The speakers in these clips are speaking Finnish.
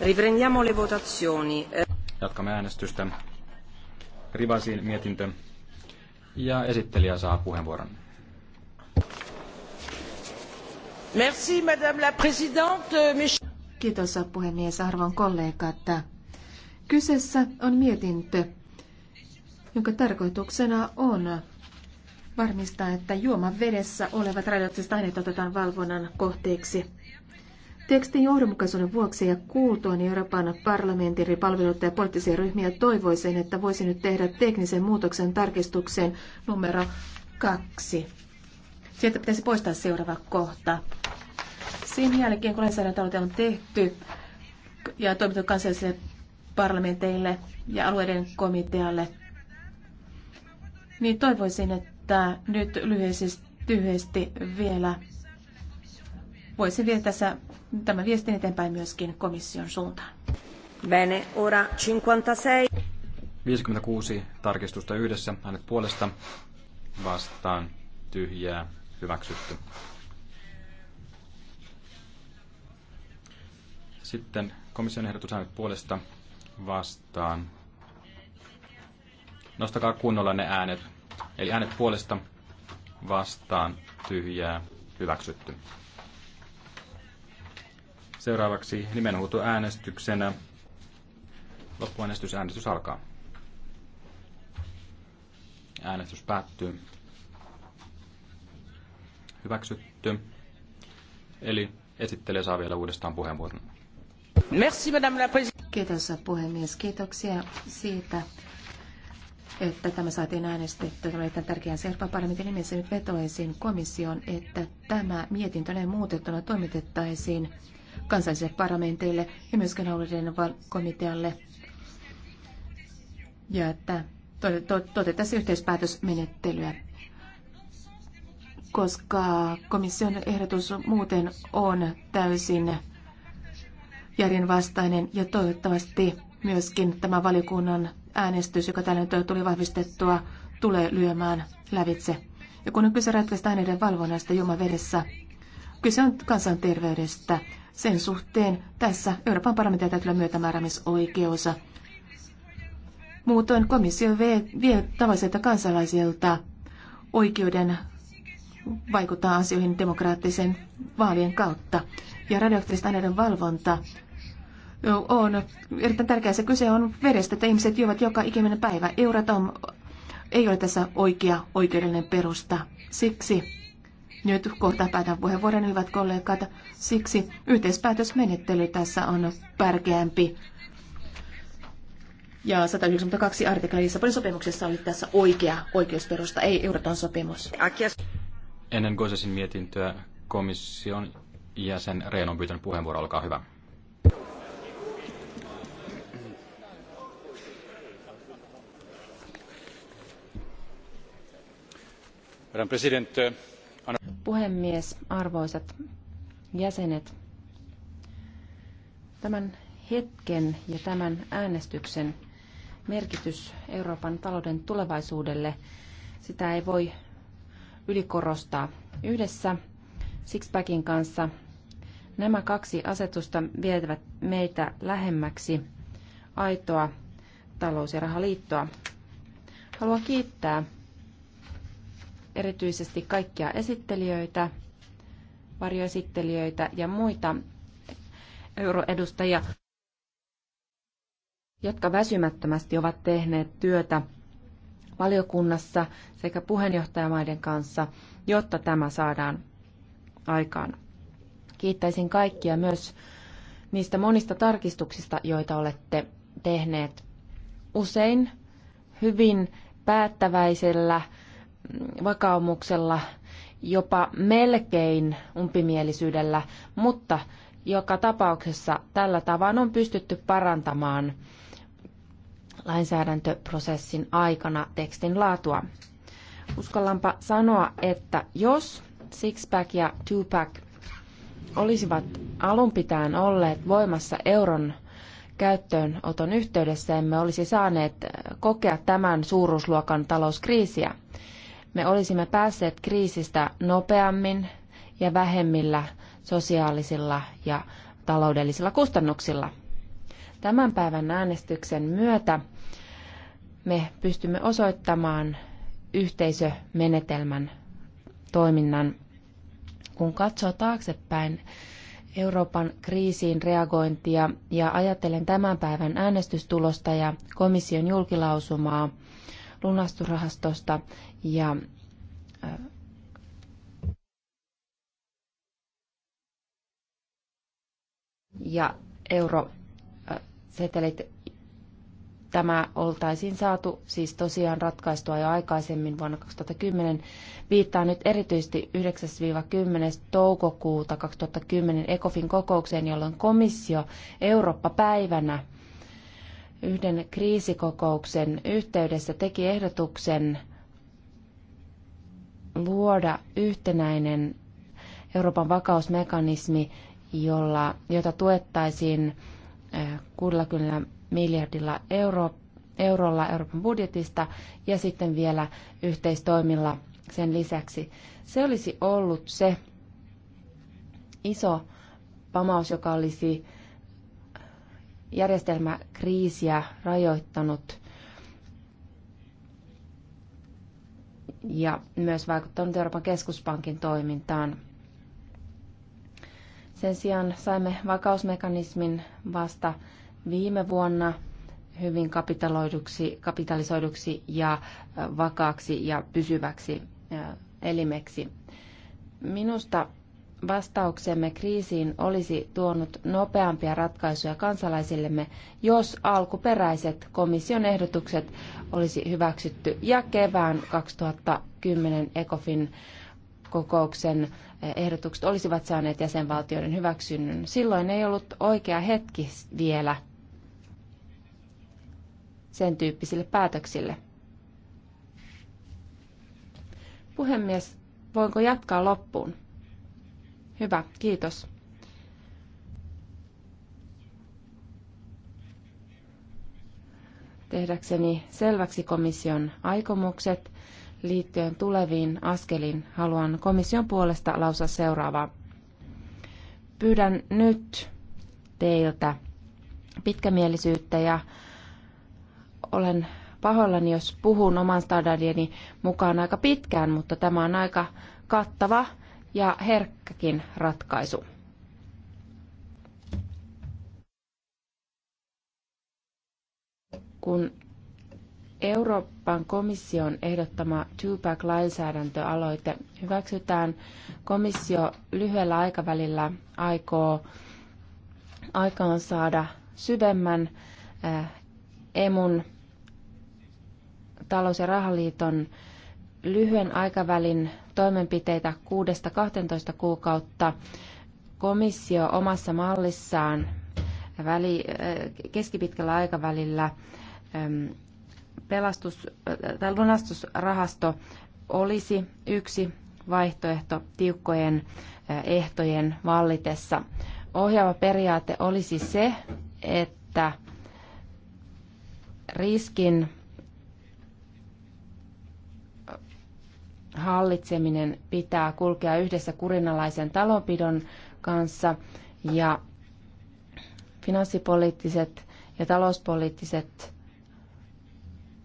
Riprendiamo le votazioni. Jatkamme äänestystä. Rivasin mietintö. Ja esittelijä saa puheenvuoron. Merci, Madame la Présidente. Kiitos puhemies, arvon kollegat. Kyseessä on mietintö, jonka tarkoituksena on varmistaa, että juoman vedessä olevat radioaktiiviset aineet otetaan valvonnan kohteeksi. Tekstin johdonmukaisuuden vuoksi ja kuultuaan Euroopan parlamentin eri palveluita ja poliittisia ryhmiä toivoisin, että voisin nyt tehdä teknisen muutoksen tarkistukseen numero kaksi. Sieltä pitäisi poistaa seuraava kohta. Sen jälkeen, kun lainsäädäntöaloite on tehty ja toimitettu kansallisille parlamenteille ja alueiden komitealle, niin toivoisin, että nyt lyhyesti, lyhyesti vielä voisin vielä tässä tämä viestin eteenpäin myöskin komission suuntaan. Bene, ora 56. 56 tarkistusta yhdessä, hänet puolesta vastaan tyhjää hyväksytty. Sitten komission ehdotus hänet puolesta vastaan. Nostakaa kunnolla ne äänet. Eli äänet puolesta vastaan tyhjää hyväksytty. Seuraavaksi nimenhuutoäänestyksenä. Loppuäänestys, äänestys alkaa. Äänestys päättyy. Hyväksytty. Eli esittelee saa vielä uudestaan puheenvuoron. Merci, madame la Kiitos puhemies. Kiitoksia siitä, että tämä saatiin äänestetty. Tämä oli tärkeän Euroopan parlamentin nimessä nyt vetoisin komission, että tämä mietintö näin muutettuna toimitettaisiin kansalliselle parlamentille ja myös alueiden komitealle. Ja että toteutettaisiin yhteispäätösmenettelyä, koska komission ehdotus muuten on täysin järjenvastainen ja toivottavasti myöskin tämä valiokunnan äänestys, joka tällä nyt tuli vahvistettua, tulee lyömään lävitse. Ja kun on kyse ratkaista aineiden valvonnasta juomavedessä, Kyse on kansanterveydestä. Sen suhteen tässä Euroopan parlamentin täytyy olla myötämääräämisoikeus. Muutoin komissio vie, vie tavallisilta kansalaisilta oikeuden vaikuttaa asioihin demokraattisen vaalien kautta. Ja radioaktiivisten aineiden valvonta on erittäin tärkeää. Se kyse on verestä, että ihmiset juovat joka ikinen päivä. Euratom ei ole tässä oikea oikeudellinen perusta. Siksi nyt kohta päätän puheenvuoron, hyvät kollegat. Siksi yhteispäätösmenettely tässä on tärkeämpi. Ja 192 artikla Lissabonin sopimuksessa oli tässä oikea oikeusperusta, ei Euroton sopimus. Ennen Gosesin mietintöä komission jäsen Reen on pyytänyt puheenvuoro, olkaa hyvä. Herra presidentti, Puhemies, arvoisat jäsenet, tämän hetken ja tämän äänestyksen merkitys Euroopan talouden tulevaisuudelle, sitä ei voi ylikorostaa. Yhdessä Sixpackin kanssa nämä kaksi asetusta vievät meitä lähemmäksi aitoa talous- ja rahaliittoa. Haluan kiittää erityisesti kaikkia esittelijöitä, varjoesittelijöitä ja muita euroedustajia, jotka väsymättömästi ovat tehneet työtä valiokunnassa sekä puheenjohtajamaiden kanssa, jotta tämä saadaan aikaan. Kiittäisin kaikkia myös niistä monista tarkistuksista, joita olette tehneet. Usein hyvin päättäväisellä vakaumuksella, jopa melkein umpimielisyydellä, mutta joka tapauksessa tällä tavoin on pystytty parantamaan lainsäädäntöprosessin aikana tekstin laatua. Uskallanpa sanoa, että jos Sixpack ja Twopack olisivat alun pitäen olleet voimassa euron käyttöönoton yhteydessä, emme olisi saaneet kokea tämän suuruusluokan talouskriisiä me olisimme päässeet kriisistä nopeammin ja vähemmillä sosiaalisilla ja taloudellisilla kustannuksilla. Tämän päivän äänestyksen myötä me pystymme osoittamaan yhteisömenetelmän toiminnan. Kun katsoo taaksepäin Euroopan kriisiin reagointia ja ajattelen tämän päivän äänestystulosta ja komission julkilausumaa lunastusrahastosta ja äh, ja eurosetelit, tämä oltaisiin saatu siis tosiaan ratkaistua jo aikaisemmin vuonna 2010. Viittaa nyt erityisesti 9-10. toukokuuta 2010 ECOFIN kokoukseen, jolloin komissio Eurooppa-päivänä yhden kriisikokouksen yhteydessä teki ehdotuksen – luoda yhtenäinen Euroopan vakausmekanismi, jolla, jota tuettaisiin 60 miljardilla euro, eurolla Euroopan budjetista ja sitten vielä yhteistoimilla sen lisäksi. Se olisi ollut se iso pamaus, joka olisi järjestelmäkriisiä rajoittanut ja myös vaikuttanut Euroopan keskuspankin toimintaan. Sen sijaan saimme vakausmekanismin vasta viime vuonna hyvin kapitaloiduksi, kapitalisoiduksi ja vakaaksi ja pysyväksi elimeksi. Minusta vastauksemme kriisiin olisi tuonut nopeampia ratkaisuja kansalaisillemme, jos alkuperäiset komission ehdotukset olisi hyväksytty ja kevään 2010 ECOFIN kokouksen eh, ehdotukset olisivat saaneet jäsenvaltioiden hyväksynnän. Silloin ei ollut oikea hetki vielä sen tyyppisille päätöksille. Puhemies, voinko jatkaa loppuun? Hyvä, kiitos. Tehdäkseni selväksi komission aikomukset liittyen tuleviin askeliin haluan komission puolesta lausua seuraavaa. Pyydän nyt teiltä pitkämielisyyttä ja olen pahoillani, jos puhun oman standardieni mukaan aika pitkään, mutta tämä on aika kattava ja herkkäkin ratkaisu. Kun Euroopan komission ehdottama Tupac-lainsäädäntöaloite hyväksytään, komissio lyhyellä aikavälillä aikoo aikaan saada syvemmän eh, emun talous- ja rahaliiton lyhyen aikavälin toimenpiteitä 6-12 kuukautta. Komissio omassa mallissaan väli, äh, keskipitkällä aikavälillä ähm, pelastus, äh, tai lunastusrahasto olisi yksi vaihtoehto tiukkojen äh, ehtojen vallitessa. Ohjaava periaate olisi se, että riskin hallitseminen pitää kulkea yhdessä kurinalaisen talonpidon kanssa ja finanssipoliittiset ja talouspoliittiset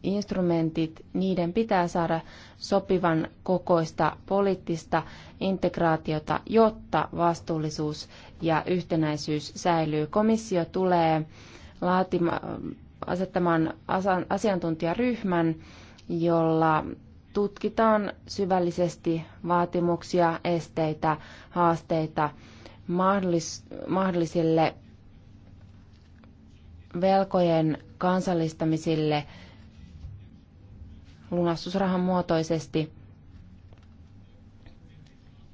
instrumentit, niiden pitää saada sopivan kokoista poliittista integraatiota, jotta vastuullisuus ja yhtenäisyys säilyy. Komissio tulee laatima, asettamaan asiantuntijaryhmän, jolla tutkitaan syvällisesti vaatimuksia, esteitä, haasteita mahdollis- mahdollisille velkojen kansallistamisille lunastusrahan muotoisesti.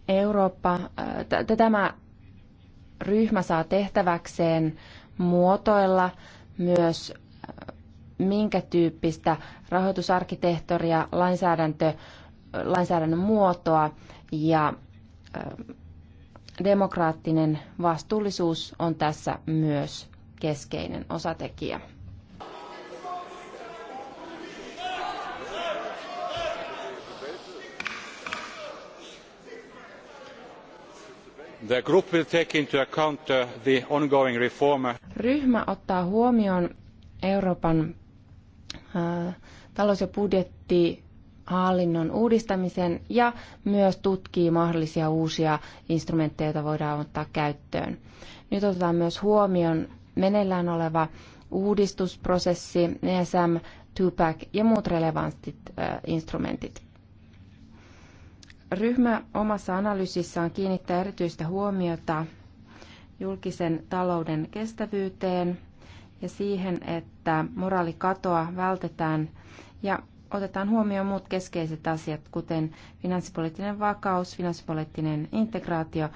Eurooppa, tämä ryhmä saa tehtäväkseen muotoilla myös minkä tyyppistä rahoitusarkkitehtoria, lainsäädäntö, lainsäädännön muotoa ja demokraattinen vastuullisuus on tässä myös keskeinen osatekijä. The group will take into account uh, the ongoing reform. Ryhmä ottaa huomioon Euroopan talous- ja budjettihallinnon uudistamisen ja myös tutkii mahdollisia uusia instrumentteja, joita voidaan ottaa käyttöön. Nyt otetaan myös huomioon meneillään oleva uudistusprosessi, ESM, TUPAC ja muut relevantit instrumentit. Ryhmä omassa analyysissaan kiinnittää erityistä huomiota julkisen talouden kestävyyteen – ja siihen, että moraalikatoa vältetään ja otetaan huomioon muut keskeiset asiat, kuten finanssipoliittinen vakaus, finanssipoliittinen integraatio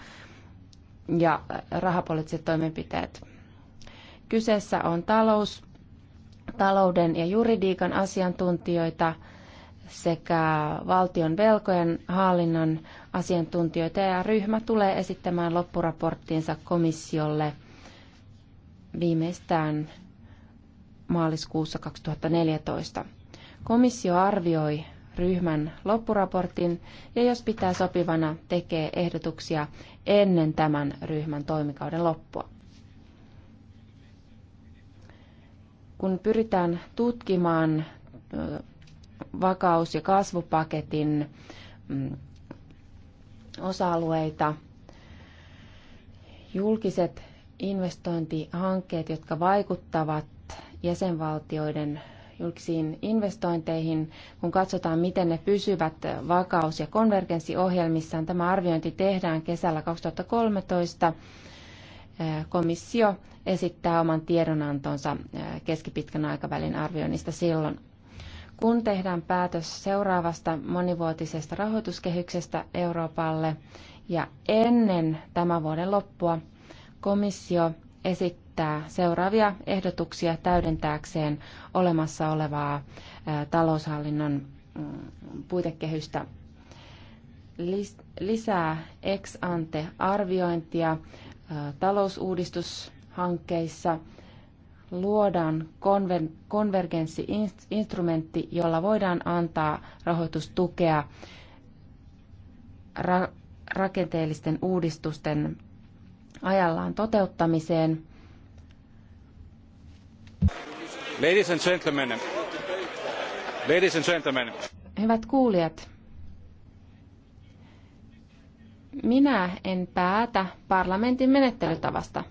ja rahapoliittiset toimenpiteet. Kyseessä on talous, talouden ja juridiikan asiantuntijoita sekä valtion velkojen hallinnon asiantuntijoita ja ryhmä tulee esittämään loppuraporttinsa komissiolle – viimeistään maaliskuussa 2014. Komissio arvioi ryhmän loppuraportin ja jos pitää sopivana, tekee ehdotuksia ennen tämän ryhmän toimikauden loppua. Kun pyritään tutkimaan vakaus- ja kasvupaketin mm, osa-alueita, julkiset investointihankkeet, jotka vaikuttavat jäsenvaltioiden julkisiin investointeihin, kun katsotaan, miten ne pysyvät vakaus- ja konvergenssiohjelmissaan. Tämä arviointi tehdään kesällä 2013. Komissio esittää oman tiedonantonsa keskipitkän aikavälin arvioinnista silloin. Kun tehdään päätös seuraavasta monivuotisesta rahoituskehyksestä Euroopalle ja ennen tämän vuoden loppua, Komissio esittää seuraavia ehdotuksia täydentääkseen olemassa olevaa taloushallinnon mm, puitekehystä lisää ex ante arviointia talousuudistushankkeissa, luodaan konver- konvergenssi-instrumentti, jolla voidaan antaa rahoitustukea ra- rakenteellisten uudistusten ajallaan toteuttamiseen. Ladies and gentlemen. Ladies and gentlemen. Hyvät kuulijat, minä en päätä parlamentin menettelytavasta.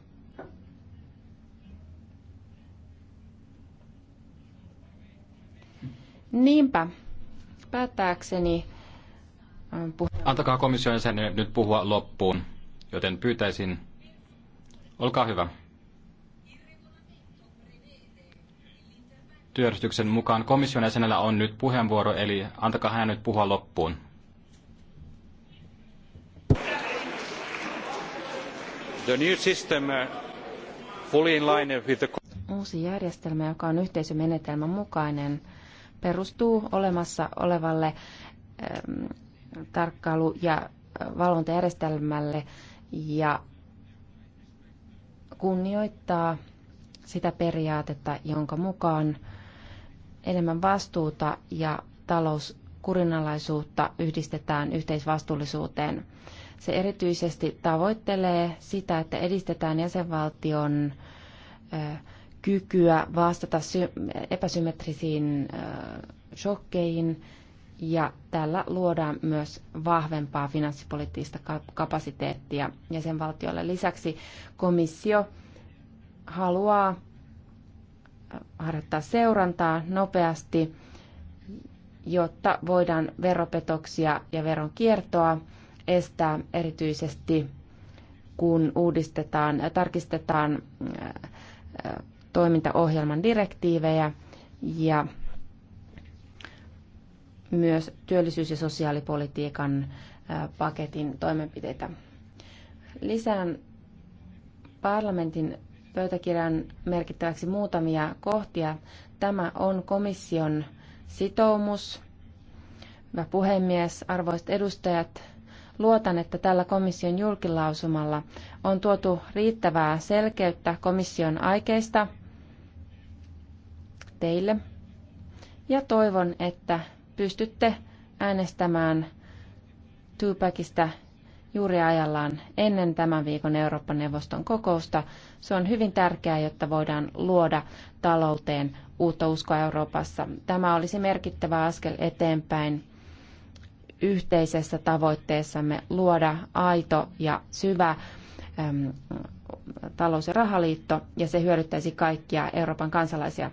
Niinpä, päättääkseni... Äh, Antakaa komission jäsenen nyt puhua loppuun, joten pyytäisin Olkaa hyvä. Työjärjestyksen mukaan komission jäsenellä on nyt puheenvuoro, eli antakaa hän nyt puhua loppuun. The new system uh, fully in line with the... Uusi järjestelmä, joka on yhteisömenetelmän mukainen, perustuu olemassa olevalle ähm, tarkkailu- ja valvontajärjestelmälle ja kunnioittaa sitä periaatetta, jonka mukaan enemmän vastuuta ja talouskurinalaisuutta yhdistetään yhteisvastuullisuuteen. Se erityisesti tavoittelee sitä, että edistetään jäsenvaltion kykyä vastata epäsymmetrisiin shokkeihin ja tällä luodaan myös vahvempaa finanssipoliittista kapasiteettia jäsenvaltioille. Lisäksi komissio haluaa äh, harjoittaa seurantaa nopeasti, jotta voidaan veropetoksia ja veronkiertoa estää erityisesti, kun uudistetaan ja tarkistetaan äh, äh, toimintaohjelman direktiivejä ja myös työllisyys- ja sosiaalipolitiikan paketin toimenpiteitä. Lisään parlamentin pöytäkirjan merkittäväksi muutamia kohtia. Tämä on komission sitoumus. Hyvä puhemies, arvoiset edustajat, luotan, että tällä komission julkilausumalla on tuotu riittävää selkeyttä komission aikeista teille. Ja toivon, että pystytte äänestämään Tupacista juuri ajallaan ennen tämän viikon Euroopan neuvoston kokousta. Se on hyvin tärkeää, jotta voidaan luoda talouteen uutta uskoa Euroopassa. Tämä olisi merkittävä askel eteenpäin yhteisessä tavoitteessamme luoda aito ja syvä äm, talous- ja rahaliitto, ja se hyödyttäisi kaikkia Euroopan kansalaisia.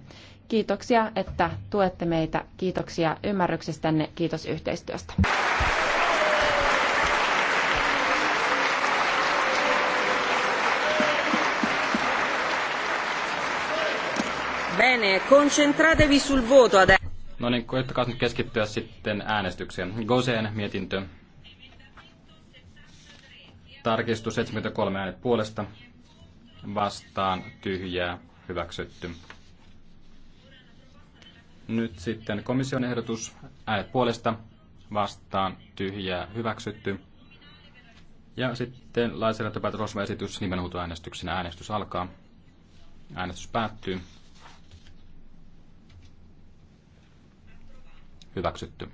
Kiitoksia, että tuette meitä. Kiitoksia ymmärryksestänne. Kiitos yhteistyöstä. Bene, concentratevi sul voto No niin, koettakaa nyt keskittyä sitten äänestykseen. Goseen mietintö. Tarkistus 73 äänet puolesta. Vastaan tyhjää. Hyväksytty. Nyt sitten komission ehdotus äänet puolesta vastaan tyhjää hyväksytty. Ja sitten lainsäädäntöpäätösosmaesitys nimenhuutoäänestyksenä äänestys alkaa. Äänestys päättyy. Hyväksytty.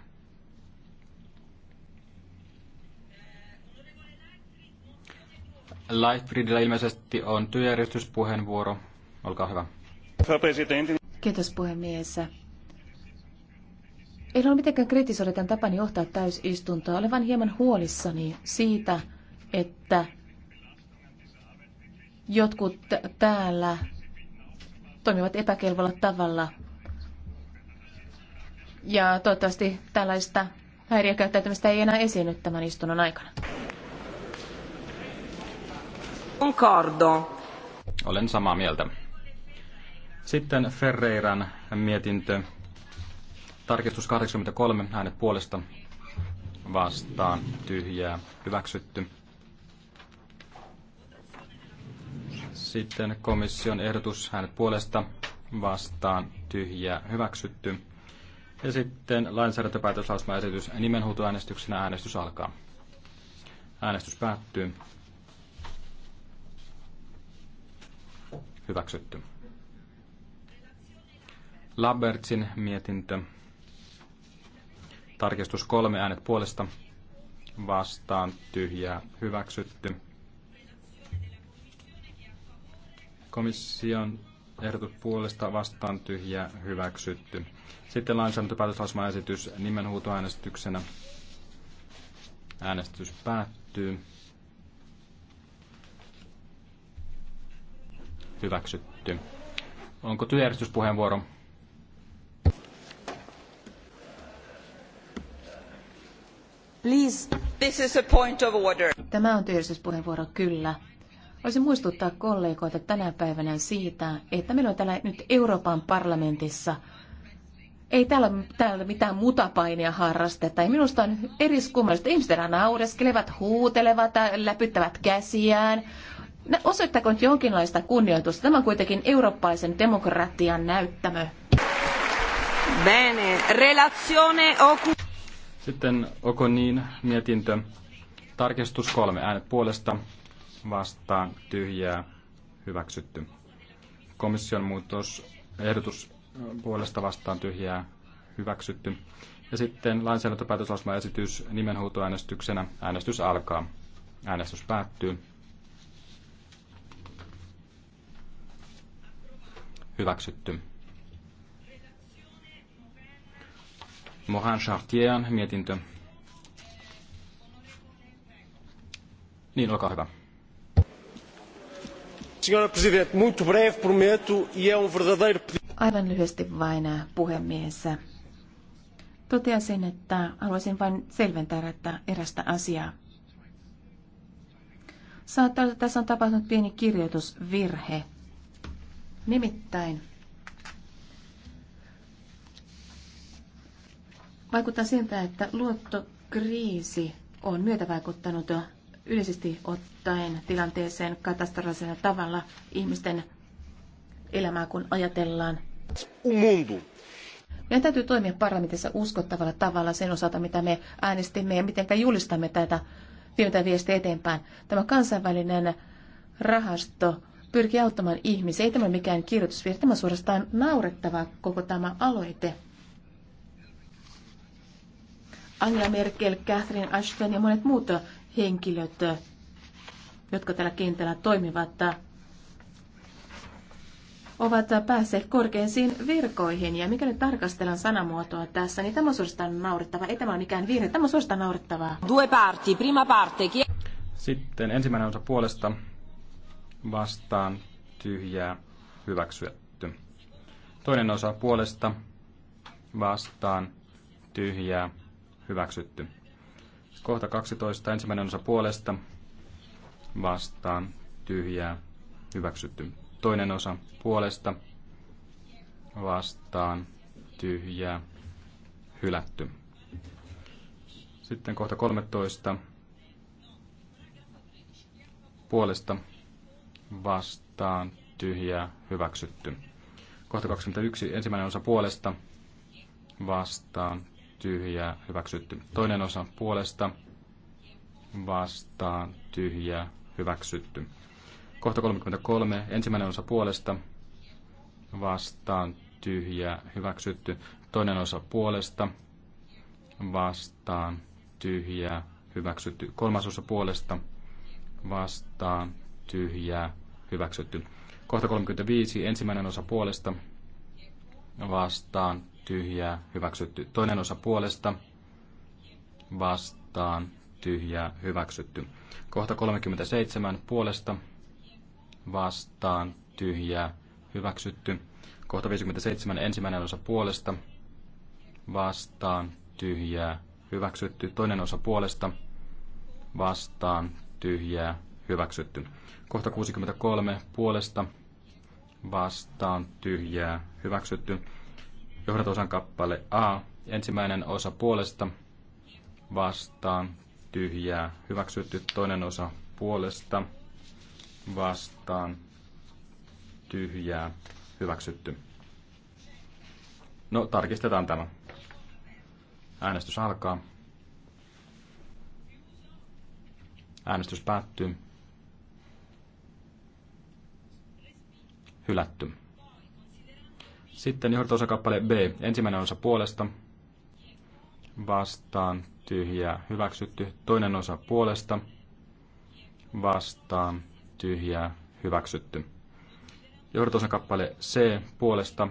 Lightbridillä ilmeisesti on työjärjestyspuheenvuoro. Olkaa hyvä. Kiitos puhemies. En ole mitenkään kritisoida tämän tapani johtaa täysistuntoa. Olen vain hieman huolissani siitä, että jotkut täällä toimivat epäkelvolla tavalla. Ja toivottavasti tällaista häiriökäyttäytymistä ei enää esiinny tämän istunnon aikana. Concordo. Olen samaa mieltä. Sitten Ferreiran mietintö Tarkistus 83, äänet puolesta vastaan, tyhjää, hyväksytty. Sitten komission ehdotus, äänet puolesta vastaan, tyhjää, hyväksytty. Ja sitten lainsäädäntöpäätöslausmaesitys nimenhuutoäänestyksenä äänestys alkaa. Äänestys päättyy. Hyväksytty. Labertsin mietintö. Tarkistus kolme äänet puolesta vastaan tyhjää hyväksytty. Komission ehdotus puolesta vastaan tyhjää hyväksytty. Sitten lainsäädäntöpäätöslausumaesitys nimenhuutoäänestyksenä. Äänestys päättyy. Hyväksytty. Onko työjärjestyspuheenvuoro? Please. This is a point of order. Tämä on työllisyyspuheenvuoro, kyllä. Voisin muistuttaa kollegoita tänä päivänä siitä, että meillä on täällä nyt Euroopan parlamentissa ei täällä, täällä mitään mutapainia harrasteta. Ja minusta on eriskummallista. Ihmiset naureskelevat, huutelevat, läpyttävät käsiään. No, osoittakoon jonkinlaista kunnioitusta. Tämä on kuitenkin eurooppaisen demokratian näyttämö. Bene. Relazione oku... Sitten Okonin mietintö. Tarkistus kolme. Äänet puolesta vastaan tyhjää hyväksytty. Komission muutos ehdotus äh, puolesta vastaan tyhjää hyväksytty. Ja sitten esitys nimenhuutoäänestyksenä. Äänestys alkaa. Äänestys päättyy. Hyväksytty. Mohan Chartierin mietintö. Niin, olkaa hyvä. E um Aivan lyhyesti vain äh, puhemies. Toteasin, että haluaisin vain selventää että erästä asiaa. Saattaa että tässä on tapahtunut pieni kirjoitusvirhe. Nimittäin Vaikuttaa siltä, että luottokriisi on myötävaikuttanut yleisesti ottaen tilanteeseen katastrofaalisella tavalla ihmisten elämää, kun ajatellaan. Mundo. Meidän täytyy toimia parlamentissa uskottavalla tavalla sen osalta, mitä me äänestimme ja miten julistamme tätä viimeistä viestiä eteenpäin. Tämä kansainvälinen rahasto pyrkii auttamaan ihmisiä. Ei tämä mikään kirjoitusvirta, tämä suorastaan naurettava koko tämä aloite. Angela Merkel, Catherine Ashton ja monet muut henkilöt, jotka tällä kentällä toimivat, ovat päässeet korkeisiin virkoihin. Ja mikä nyt tarkastellaan sanamuotoa tässä, niin tämä on suorastaan naurettava. Ei tämä ole mikään virhe, tämä on suorastaan naurettavaa. Due parti, prima parte. Sitten ensimmäinen osa puolesta vastaan tyhjää hyväksytty. Toinen osa puolesta vastaan tyhjää hyväksytty. Kohta 12, ensimmäinen osa puolesta, vastaan, tyhjää, hyväksytty. Toinen osa puolesta, vastaan, tyhjää, hylätty. Sitten kohta 13, puolesta, vastaan, tyhjää, hyväksytty. Kohta 21, ensimmäinen osa puolesta, vastaan, tyhjää hyväksytty. Toinen osa puolesta vastaan tyhjää hyväksytty. Kohta 33. Ensimmäinen osa puolesta vastaan tyhjää hyväksytty. Toinen osa puolesta vastaan tyhjää hyväksytty. Kolmas osa puolesta vastaan tyhjää hyväksytty. Kohta 35. Ensimmäinen osa puolesta vastaan tyhjää, hyväksytty. Toinen osa puolesta, vastaan, tyhjää, hyväksytty. Kohta 37 puolesta, vastaan, tyhjää, hyväksytty. Kohta 57 ensimmäinen osa puolesta, vastaan, tyhjää, hyväksytty. Toinen osa puolesta, vastaan, tyhjää, hyväksytty. Kohta 63 puolesta, vastaan, tyhjää, hyväksytty. Johdatosan kappale A, ensimmäinen osa puolesta vastaan tyhjää. Hyväksytty toinen osa puolesta vastaan tyhjää. Hyväksytty. No, tarkistetaan tämä. Äänestys alkaa. Äänestys päättyy. Hylätty. Sitten johdantosakappale B, ensimmäinen osa puolesta, vastaan, tyhjää, hyväksytty. Toinen osa puolesta, vastaan, tyhjää, hyväksytty. Johdantosakappale C, puolesta,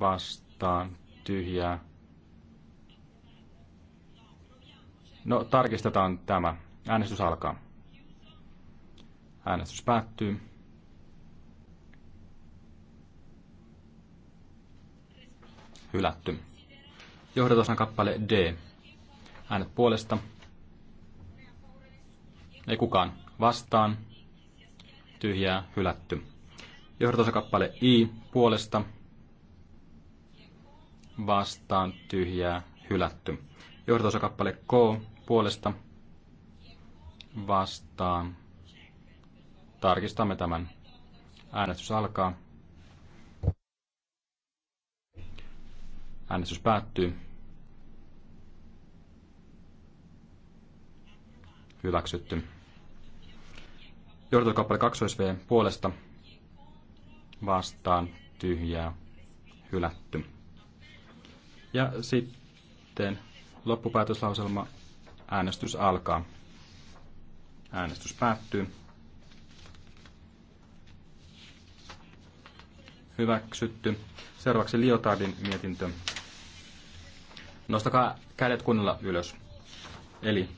vastaan, tyhjää. No, tarkistetaan tämä. Äänestys alkaa. Äänestys päättyy. hylätty. Johdatosan kappale D. Äänet puolesta. Ei kukaan. Vastaan. Tyhjää hylätty. Johdatosan kappale I. Puolesta. Vastaan. Tyhjää hylätty. Johdatosan kappale K. Puolesta. Vastaan. Tarkistamme tämän. Äänestys alkaa. Äänestys päättyy. Hyväksytty. Johdantokappale 2V puolesta vastaan tyhjää hylätty. Ja sitten loppupäätöslauselma äänestys alkaa. Äänestys päättyy. Hyväksytty. Seuraavaksi Liotardin mietintö. Nostakaa kädet kunnolla ylös. Eli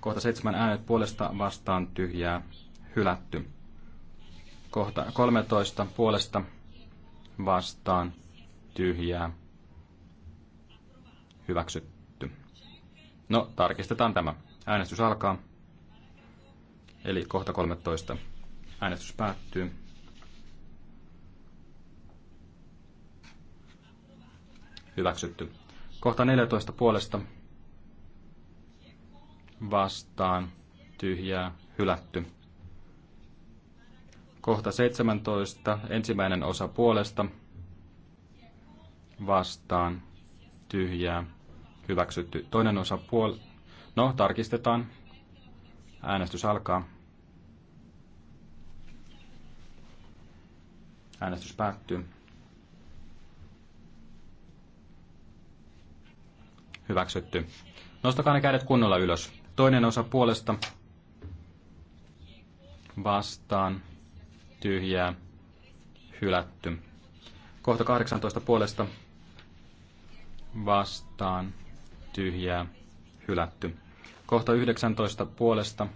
kohta seitsemän äänet puolesta vastaan tyhjää hylätty. Kohta 13 puolesta vastaan tyhjää hyväksytty. No, tarkistetaan tämä. Äänestys alkaa. Eli kohta 13. Äänestys päättyy. Hyväksytty. Kohta 14 puolesta vastaan tyhjää hylätty. Kohta 17 ensimmäinen osa puolesta vastaan tyhjää hyväksytty. Toinen osa puol... No, tarkistetaan. Äänestys alkaa. Äänestys päättyy. Hyväksytty. Nostakaa ne kädet kunnolla ylös. Toinen osa puolesta. Vastaan. Tyhjää. Hylätty. Kohta 18 puolesta. Vastaan. Tyhjää. Hylätty. Kohta 19 puolesta.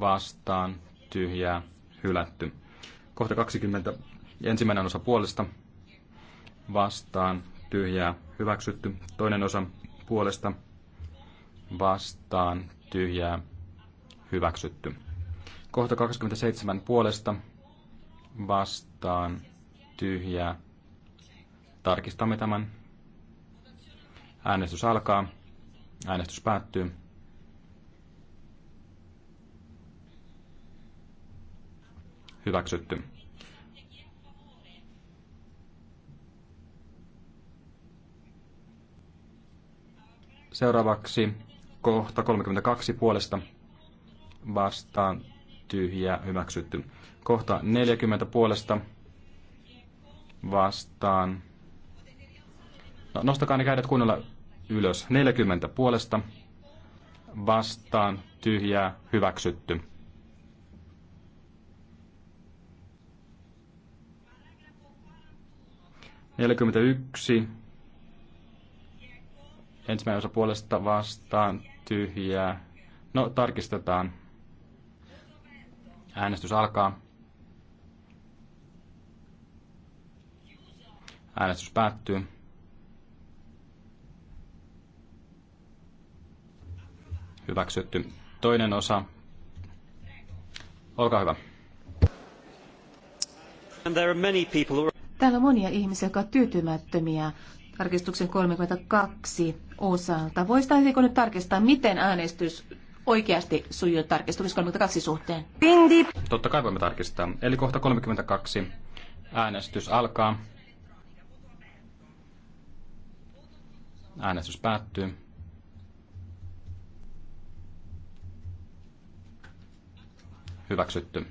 Vastaan. Tyhjää. Hylätty. Kohta 20. Ensimmäinen osa puolesta. Vastaan tyhjää hyväksytty. Toinen osa puolesta vastaan tyhjää hyväksytty. Kohta 27 puolesta vastaan tyhjää. Tarkistamme tämän. Äänestys alkaa. Äänestys päättyy. Hyväksytty. Seuraavaksi kohta 32 puolesta vastaan tyhjä hyväksytty. Kohta 40 puolesta vastaan. No, nostakaa ne kädet kunnolla ylös. 40 puolesta vastaan tyhjää hyväksytty. Neljäkymmentäyksi Ensimmäinen osa puolesta vastaan tyhjää. No, tarkistetaan. Äänestys alkaa. Äänestys päättyy. Hyväksytty. Toinen osa. Olkaa hyvä. Täällä on monia ihmisiä, jotka ovat tyytymättömiä tarkistuksen 32 osalta. Voisitko nyt tarkistaa, miten äänestys oikeasti sujuu tarkistuksessa 32 suhteen? Pindi. Totta kai voimme tarkistaa. Eli kohta 32. Äänestys alkaa. Äänestys päättyy. Hyväksytty.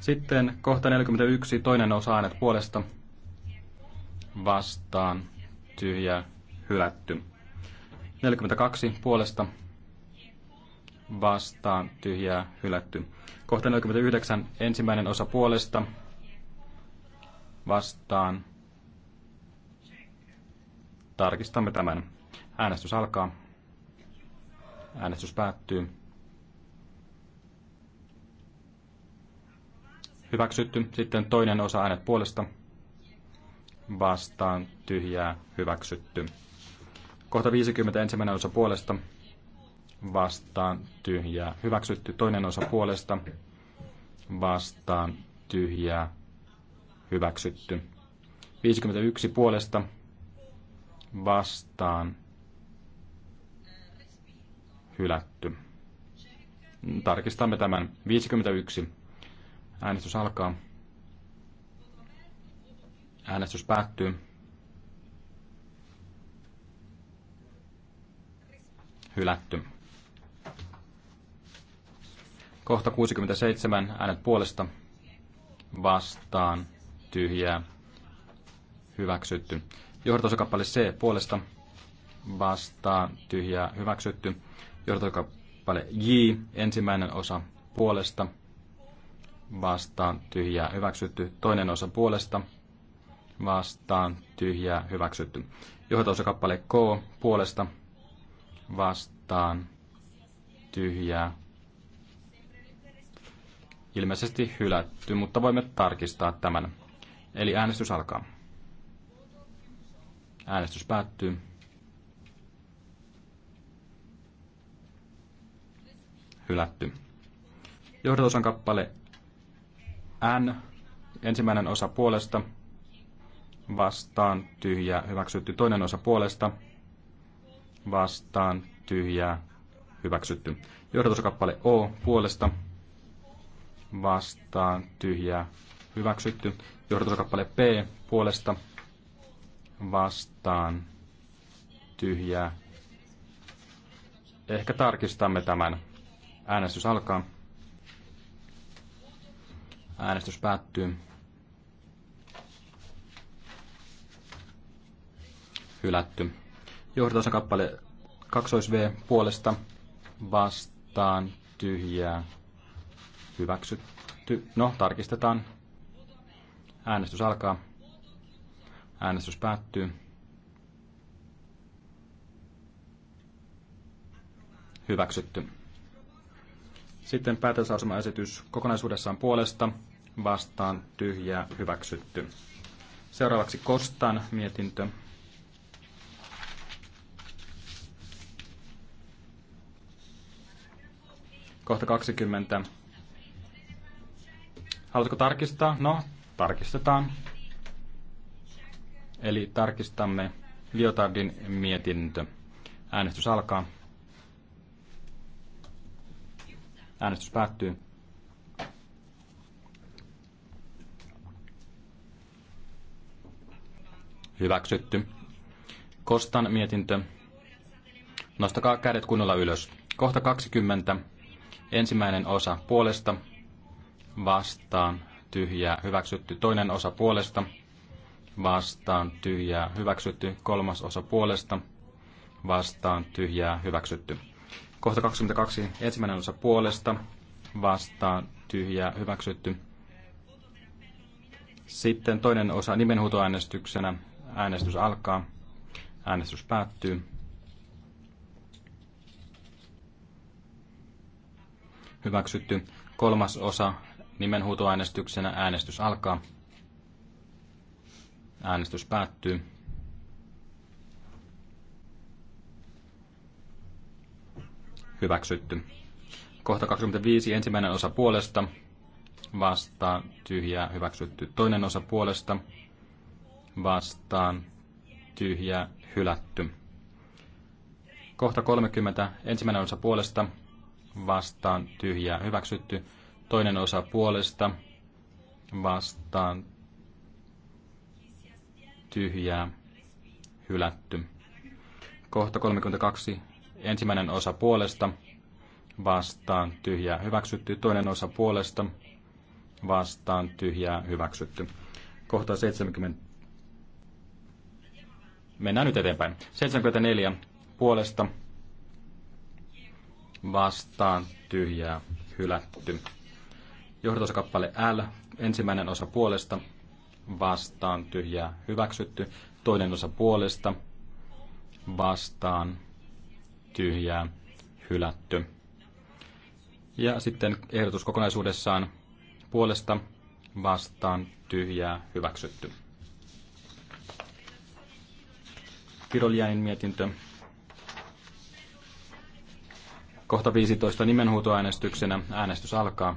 Sitten kohta 41, toinen osa äänet puolesta vastaan tyhjä hylätty. 42 puolesta vastaan tyhjää hylätty. Kohta 49 ensimmäinen osa puolesta vastaan. Tarkistamme tämän. Äänestys alkaa. Äänestys päättyy. Hyväksytty. Sitten toinen osa äänet puolesta vastaan tyhjää hyväksytty. Kohta 50 ensimmäinen osa puolesta vastaan tyhjää hyväksytty. Toinen osa puolesta vastaan tyhjää hyväksytty. 51 puolesta vastaan hylätty. Tarkistamme tämän. 51. Äänestys alkaa. Äänestys päättyy. Hylätty. Kohta 67 äänet puolesta vastaan tyhjää hyväksytty. Johdatusokappale C puolesta vastaan tyhjää hyväksytty. Johdatusokappale J ensimmäinen osa puolesta vastaan tyhjää hyväksytty. Toinen osa puolesta vastaan tyhjää hyväksytty. kappale K puolesta vastaan tyhjää ilmeisesti hylätty, mutta voimme tarkistaa tämän. Eli äänestys alkaa. Äänestys päättyy. Hylätty. Johdatusan kappale N, ensimmäinen osa puolesta, vastaan tyhjää hyväksytty. Toinen osa puolesta vastaan tyhjää hyväksytty. Johdatuskappale O puolesta vastaan tyhjää hyväksytty. Johdatuskappale P puolesta vastaan tyhjää. Ehkä tarkistamme tämän. Äänestys alkaa. Äänestys päättyy. hylätty. Johdatus kappale 2 V puolesta vastaan tyhjää hyväksytty. No, tarkistetaan. Äänestys alkaa. Äänestys päättyy. Hyväksytty. Sitten päätösasemaesitys kokonaisuudessaan puolesta vastaan tyhjää hyväksytty. Seuraavaksi Kostan mietintö. kohta 20. Haluatko tarkistaa? No, tarkistetaan. Eli tarkistamme Liotardin mietintö. Äänestys alkaa. Äänestys päättyy. Hyväksytty. Kostan mietintö. Nostakaa kädet kunnolla ylös. Kohta 20. Ensimmäinen osa puolesta vastaan tyhjää hyväksytty. Toinen osa puolesta vastaan tyhjää hyväksytty. Kolmas osa puolesta vastaan tyhjää hyväksytty. Kohta 22. Ensimmäinen osa puolesta vastaan tyhjää hyväksytty. Sitten toinen osa nimenhuutoäänestyksenä. Äänestys alkaa. Äänestys päättyy. hyväksytty. Kolmas osa nimenhuutoäänestyksenä äänestys alkaa. Äänestys päättyy. Hyväksytty. Kohta 25 ensimmäinen osa puolesta vastaan tyhjää hyväksytty. Toinen osa puolesta vastaan tyhjää hylätty. Kohta 30 ensimmäinen osa puolesta vastaan tyhjää hyväksytty. Toinen osa puolesta vastaan tyhjää hylätty. Kohta 32. Ensimmäinen osa puolesta vastaan tyhjää hyväksytty. Toinen osa puolesta vastaan tyhjää hyväksytty. Kohta 70. Mennään nyt eteenpäin. 74 puolesta vastaan tyhjää hylätty. Johdatuskappale L, ensimmäinen osa puolesta vastaan tyhjää hyväksytty, toinen osa puolesta vastaan tyhjää hylätty. Ja sitten ehdotus kokonaisuudessaan puolesta vastaan tyhjää hyväksytty. Kiroljain mietintö Kohta 15 nimenhuutoäänestyksenä. Äänestys alkaa.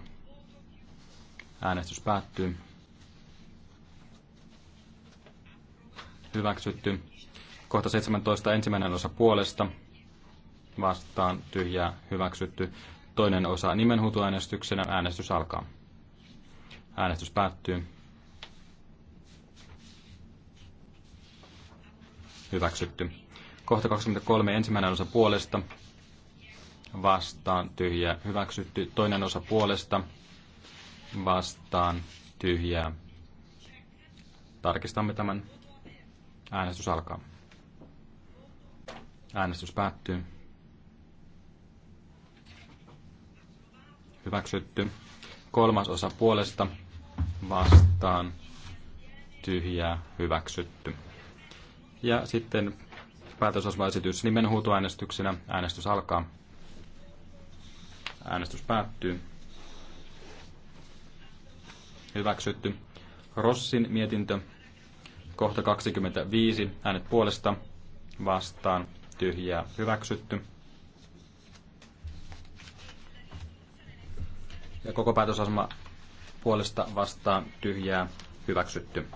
Äänestys päättyy. Hyväksytty. Kohta 17 ensimmäinen osa puolesta. Vastaan tyhjää hyväksytty. Toinen osa nimenhuutoäänestyksenä. Äänestys alkaa. Äänestys päättyy. Hyväksytty. Kohta 23 ensimmäinen osa puolesta vastaan tyhjää hyväksytty. Toinen osa puolesta vastaan tyhjää. Tarkistamme tämän. Äänestys alkaa. Äänestys päättyy. Hyväksytty. Kolmas osa puolesta vastaan tyhjää hyväksytty. Ja sitten päätösosvaesitys nimenhuutoäänestyksenä. Äänestys alkaa. Äänestys päättyy. Hyväksytty. Rossin mietintö. Kohta 25. Äänet puolesta. Vastaan. Tyhjää. Hyväksytty. Ja koko päätösasema puolesta vastaan tyhjää hyväksytty.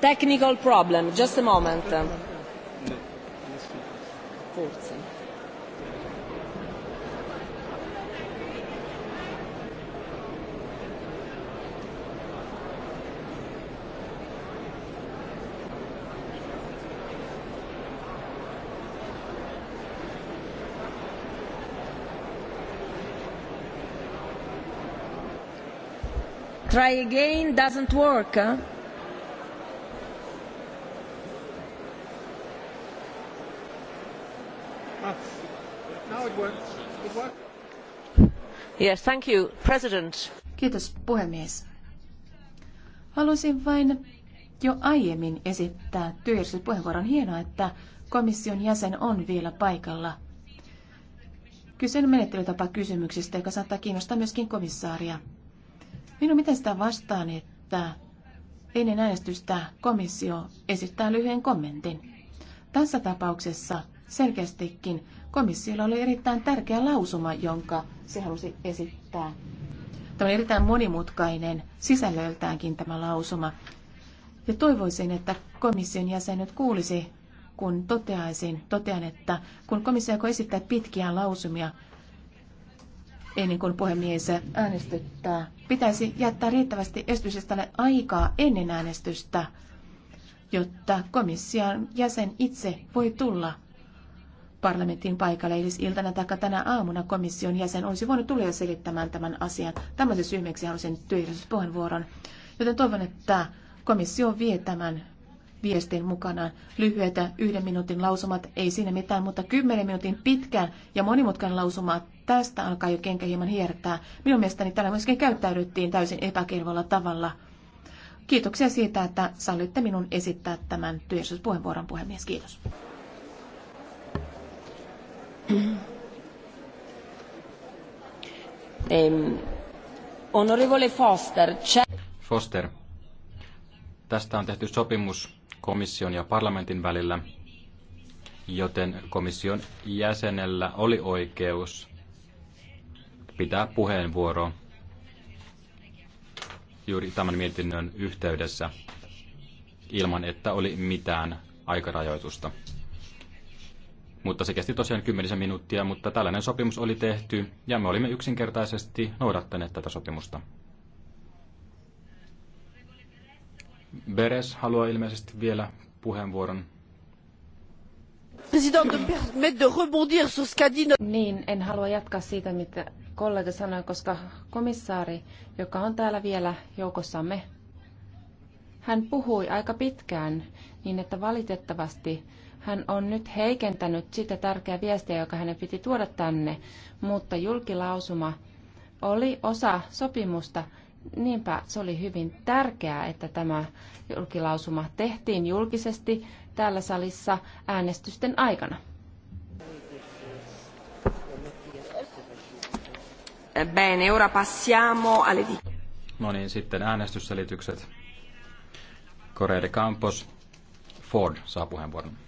Technical problem, just a moment. Forse. Try again, doesn't work. Huh? Yes, Kiitos puhemies. Halusin vain jo aiemmin esittää työjärjestyspuheenvuoron. Hienoa, että komission jäsen on vielä paikalla. Kyse on menettelytapa kysymyksestä, joka saattaa kiinnostaa myöskin komissaaria. Minun miten sitä vastaan, että ennen äänestystä komissio esittää lyhyen kommentin. Tässä tapauksessa Selkeästikin komissiolla oli erittäin tärkeä lausuma, jonka se halusi esittää. Tämä on erittäin monimutkainen sisällöltäänkin tämä lausuma. Ja toivoisin, että komission jäsenet kuulisi, kun toteaisin, totean, että kun komissio esittää pitkiä lausumia, ennen kuin puhemies äänestyttää, pitäisi jättää riittävästi estyseställe aikaa ennen äänestystä, jotta komission jäsen itse voi tulla parlamentin paikalle eilisiltana tai tänä aamuna komission jäsen olisi voinut tulla jo selittämään tämän asian. Tämä syymeksi halusin työjärjestyspuheenvuoron. Joten toivon, että komissio vie tämän viestin mukanaan. lyhyetä yhden minuutin lausumat, ei siinä mitään, mutta kymmenen minuutin pitkään ja monimutkainen lausuma, tästä alkaa jo kenkä hieman hiertää. Minun mielestäni täällä myöskin käyttäydyttiin täysin epäkelvolla tavalla. Kiitoksia siitä, että sallitte minun esittää tämän työjärjestyspuheenvuoron, puhemies. Kiitos. Ehm, Foster. Foster. Tästä on tehty sopimus komission ja parlamentin välillä, joten komission jäsenellä oli oikeus pitää puheenvuoro juuri tämän mietinnön yhteydessä ilman, että oli mitään aikarajoitusta mutta se kesti tosiaan kymmenisen minuuttia, mutta tällainen sopimus oli tehty ja me olimme yksinkertaisesti noudattaneet tätä sopimusta. Beres haluaa ilmeisesti vielä puheenvuoron. Niin, en halua jatkaa siitä, mitä kollega sanoi, koska komissaari, joka on täällä vielä joukossamme, hän puhui aika pitkään niin, että valitettavasti hän on nyt heikentänyt sitä tärkeää viestiä, joka hänen piti tuoda tänne, mutta julkilausuma oli osa sopimusta. Niinpä se oli hyvin tärkeää, että tämä julkilausuma tehtiin julkisesti täällä salissa äänestysten aikana. Bene, ora passiamo alle... No niin, sitten äänestysselitykset. Correa Campos, Ford saa puheenvuoron.